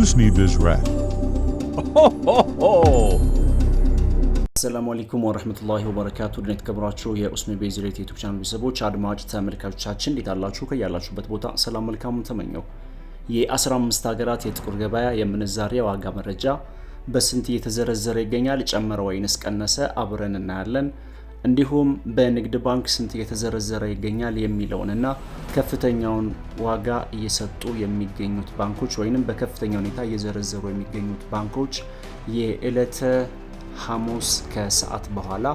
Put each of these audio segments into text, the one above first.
use me this rat. Ho, ho, አሰላሙ አለይኩም ወረህመቱላሂ ወበረካቱ ድን የተከብራችሁ የኡስሚ ቤዝ ዩቱብ ቻናል ቤተሰቦች አድማጭ ተመልካቾቻችን እንዴት አላችሁ? ከያላችሁበት ቦታ ሰላም መልካሙን ተመኘው። የ15 ሀገራት የጥቁር ገበያ የምንዛሬ ዋጋ መረጃ በስንት እየተዘረዘረ ይገኛል? ጨመረ ወይንስ ቀነሰ? አብረን እናያለን። እንዲሁም በንግድ ባንክ ስንት እየተዘረዘረ ይገኛል የሚለውን እና ከፍተኛውን ዋጋ እየሰጡ የሚገኙት ባንኮች ወይም በከፍተኛ ሁኔታ እየዘረዘሩ የሚገኙት ባንኮች የዕለተ ሐሙስ ከሰዓት በኋላ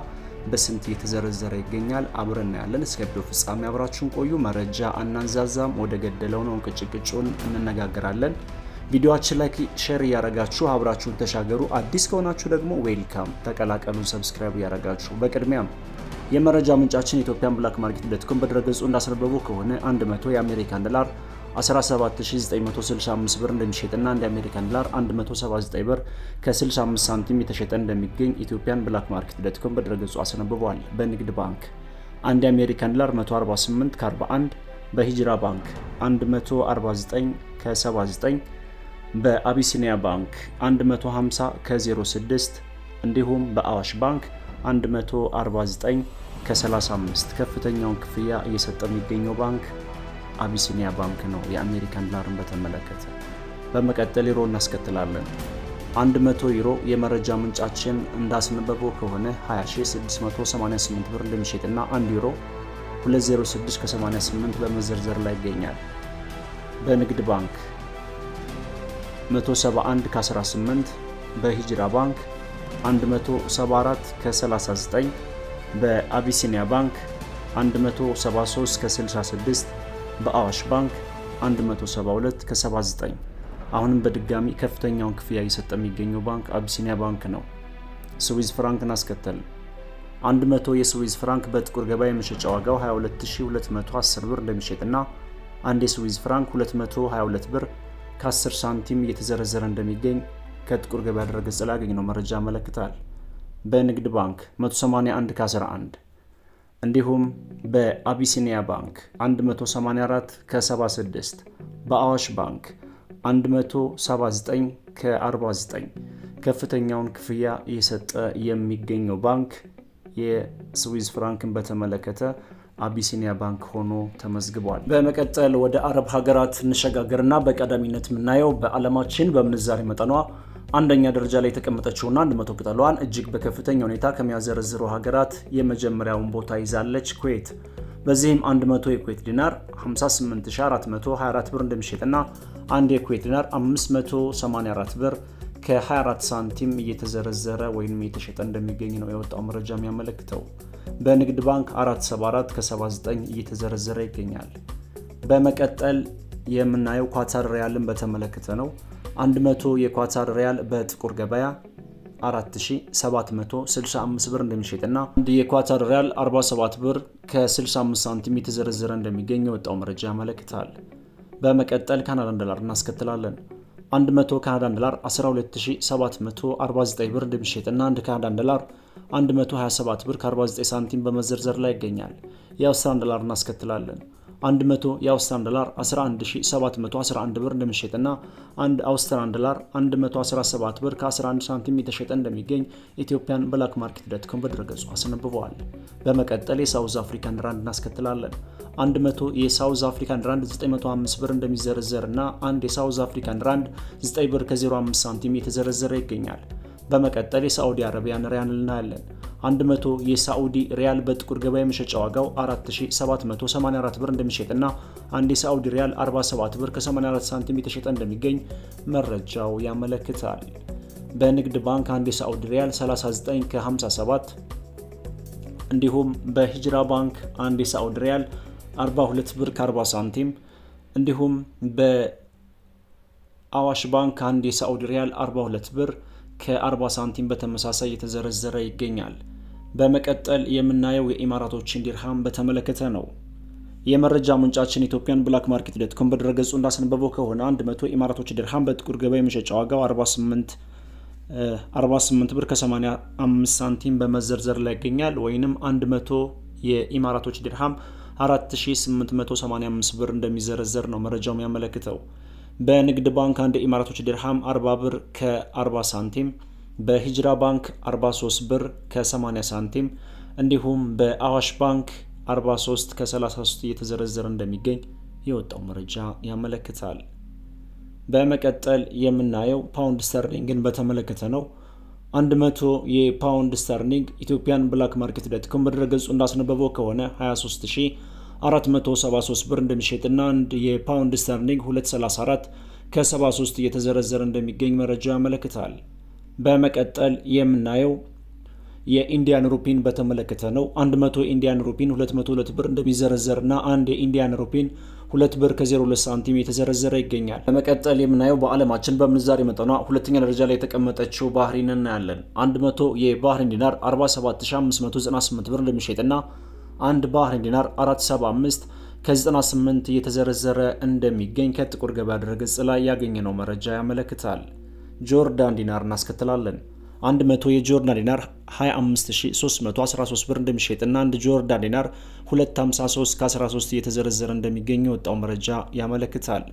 በስንት እየተዘረዘረ ይገኛል አብረን እናያለን። እስከ ቪዲዮ ፍጻሜ አብራችሁን ቆዩ። መረጃ አናንዛዛም፣ ወደ ገደለው ነው ቅጭቅጩን እንነጋገራለን። ቪዲዮችን ላይክ፣ ሼር እያረጋችሁ አብራችሁን ተሻገሩ። አዲስ ከሆናችሁ ደግሞ ዌልካም ተቀላቀሉን፣ ሰብስክራይብ እያረጋችሁ በቅድሚያም የመረጃ ምንጫችን ኢትዮጵያን ብላክ ማርኬት ዶት በድረገጹ እንዳስነበቡ ከሆነ 100 የአሜሪካን ዶላር 17965 ብር እንደሚሸጥና አንድ አሜሪካን ዶላር 179 ብር ከ65 ሳንቲም የተሸጠ እንደሚገኝ ኢትዮጵያን ብላክ ማርኬት ዶት በድረገጹ አስነብቧል። በንግድ ባንክ አንድ የአሜሪካን ዶላር 148 ከ41 በሂጅራ ባንክ 149 ከ79 በአቢሲኒያ ባንክ 150 ከ06 እንዲሁም በአዋሽ ባንክ 149 ከ35 ከፍተኛውን ክፍያ እየሰጠ የሚገኘው ባንክ አቢሲኒያ ባንክ ነው። የአሜሪካን ዶላርን በተመለከተ በመቀጠል ዩሮ እናስከትላለን። 100 ዩሮ የመረጃ ምንጫችን እንዳስነበበው ከሆነ 20688 ብር እንደሚሸጥና 1 ዩሮ ከ88 በመዘርዘር ላይ ይገኛል። በንግድ ባንክ 171 ከ18 በሂጅራ ባንክ 174 ከ39 በአቢሲኒያ ባንክ 173 ከ66 በአዋሽ ባንክ 172 ከ79 አሁንም በድጋሚ ከፍተኛውን ክፍያ እየሰጠ የሚገኘው ባንክ አቢሲኒያ ባንክ ነው። ስዊዝ ፍራንክን አስከተል 100 የስዊዝ ፍራንክ በጥቁር ገበያ የመሸጫ ዋጋው 22210 ብር እንደሚሸጥና አንድ የስዊዝ ፍራንክ 222 ብር ከ10 ሳንቲም እየተዘረዘረ እንደሚገኝ ከጥቁር ገበያ ድረገጽ ላይ ያገኘነው መረጃ ያመለክታል። በንግድ ባንክ 181 ከ11 እንዲሁም በአቢሲኒያ ባንክ 184 ከ76 በአዋሽ ባንክ 179 ከ49 ከፍተኛውን ክፍያ እየሰጠ የሚገኘው ባንክ የስዊዝ ፍራንክን በተመለከተ አቢሲኒያ ባንክ ሆኖ ተመዝግቧል። በመቀጠል ወደ አረብ ሀገራት እንሸጋገርና በቀዳሚነት የምናየው በዓለማችን በምንዛሬ መጠኗ አንደኛ ደረጃ ላይ የተቀመጠችውና 100 ቅጠሏን እጅግ በከፍተኛ ሁኔታ ከሚያዘረዝሩ ሀገራት የመጀመሪያውን ቦታ ይዛለች ኩዌት። በዚህም 100 የኩዌት ዲናር 58424 ብር እንደሚሸጥና አንድ የኩዌት ዲናር 584 ብር ከ24 ሳንቲም እየተዘረዘረ ወይም እየተሸጠ እንደሚገኝ ነው የወጣው መረጃ የሚያመለክተው። በንግድ ባንክ 474 ከ79 እየተዘረዘረ ይገኛል። በመቀጠል የምናየው ኳታር ሪያልን በተመለከተ ነው። 100 የኳታር ሪያል በጥቁር ገበያ 4765 ብር እንደሚሸጥና አንድ የኳታር ሪያል 47 ብር ከ65 ሳንቲም የተዘረዘረ እንደሚገኝ የወጣው መረጃ ያመለክታል። በመቀጠል ካናዳን ዶላር እናስከትላለን። 100 ካናዳን ዶላር 12749 ብር እንደሚሸጥና 1 ካናዳን ዶላር 127 ብር ከ49 ሳንቲም በመዘርዘር ላይ ይገኛል። የ11 ዶላር እናስከትላለን። 100 የአውስትራን ዶላር 11711 ብር እንደሚሸጥና አንድ አውስትራን ዶላር 117 ብር ከ11 ሳንቲም የተሸጠ እንደሚገኝ ኢትዮጵያን ብላክ ማርኬት ዳትኮም በድረገጹ አስነብበዋል። በመቀጠል የሳውዝ አፍሪካን ራንድ እናስከትላለን። 100 የሳውዝ አፍሪካን ራንድ 905 ብር እንደሚዘረዘር እና አንድ የሳውዝ አፍሪካን ራንድ 9 ብር ከ05 ሳንቲም የተዘረዘረ ይገኛል። በመቀጠል የሳዑዲ አረቢያን ሪያል እናያለን። 100 የሳዑዲ ሪያል በጥቁር ገበያ የመሸጫ ዋጋው 4784 ብር እንደሚሸጥና አንድ የሳዑዲ ሪያል 47 ብር ከ84 ሳንቲም የተሸጠ እንደሚገኝ መረጃው ያመለክታል። በንግድ ባንክ አንድ የሳዑዲ ሪያል 39 ከ57 እንዲሁም በሂጅራ ባንክ አንድ የሳዑዲ ሪያል 42 ብር ከ40 ሳንቲም እንዲሁም በአዋሽ ባንክ አንድ የሳዑዲ ሪያል 42 ብር ከ40 ሳንቲም በተመሳሳይ የተዘረዘረ ይገኛል። በመቀጠል የምናየው የኢማራቶችን ዲርሃም በተመለከተ ነው። የመረጃ ምንጫችን ኢትዮጵያን ብላክ ማርኬት ዶት ኮም በድረገጹ እንዳስነበበው ከሆነ 100 ኢማራቶች ዲርሃም በጥቁር ገበያ የመሸጫ ዋጋው 48 48 ብር ከ85 ሳንቲም በመዘርዘር ላይ ይገኛል። ወይንም 100 የኢማራቶች ዲርሃም 4885 ብር እንደሚዘረዘር ነው መረጃው የሚያመለክተው። በንግድ ባንክ አንድ ኢማራቶች ድርሃም 40 ብር ከ40 ሳንቲም፣ በሂጅራ ባንክ 43 ብር ከ80 ሳንቲም እንዲሁም በአዋሽ ባንክ 43 ከ33 እየተዘረዘረ እንደሚገኝ የወጣው መረጃ ያመለክታል። በመቀጠል የምናየው ፓውንድ ስተርሊንግን በተመለከተ ነው። 100 የፓውንድ ስተርሊንግ ኢትዮጵያን ብላክ ማርኬት ዶት ኮም በድረገጹ እንዳስነበበው ከሆነ 23 473 ብር እንደሚሸጥና አንድ የፓውንድ ስተርሊንግ 234 ከ73 እየተዘረዘረ እንደሚገኝ መረጃ ያመለክታል። በመቀጠል የምናየው የኢንዲያን ሩፒን በተመለከተ ነው። 100 ኢንዲያን ሩፒን 202 ብር እንደሚዘረዘር እና አንድ የኢንዲያን ሩፒን 2 ብር ከ02 ሳንቲም የተዘረዘረ ይገኛል። በመቀጠል የምናየው በዓለማችን በምንዛሬ መጠኗ ሁለተኛ ደረጃ ላይ የተቀመጠችው ባህሪን እናያለን። 100 የባህሪን ዲናር 47598 ብር እንደሚሸጥና አንድ ባህሬን ዲናር 475 ከ98 እየተዘረዘረ እንደሚገኝ ከጥቁር ገበያ ድረገጽ ላይ ያገኘነው መረጃ ያመለክታል። ጆርዳን ዲናር እናስከትላለን። 100 የጆርዳን ዲናር 25313 ብር እንደሚሸጥና አንድ ጆርዳን ዲናር 253 ከ13 እየተዘረዘረ እንደሚገኝ የወጣው መረጃ ያመለክታል።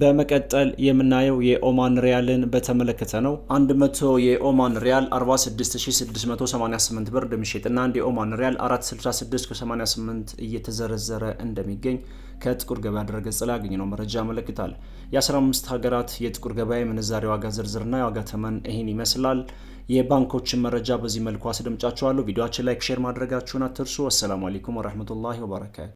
በመቀጠል የምናየው የኦማን ሪያልን በተመለከተ ነው። 100 የኦማን ሪያል 46688 ብር እንደሚሸጥና አንድ የኦማን ሪያል 46688 እየተዘረዘረ እንደሚገኝ ከጥቁር ገበያ ድረገጽ ላይ ያገኘነው መረጃ ያመለክታል። የ15 ሀገራት የጥቁር ገበያ የምንዛሬ ዋጋ ዝርዝርና የዋጋ ተመን ይህን ይመስላል። የባንኮችን መረጃ በዚህ መልኩ አስደምጫችኋለሁ። ቪዲዮችን ላይክ፣ ሼር ማድረጋችሁን አትርሱ። አሰላሙ አሌይኩም ወረህመቱላሂ ወበረካቱ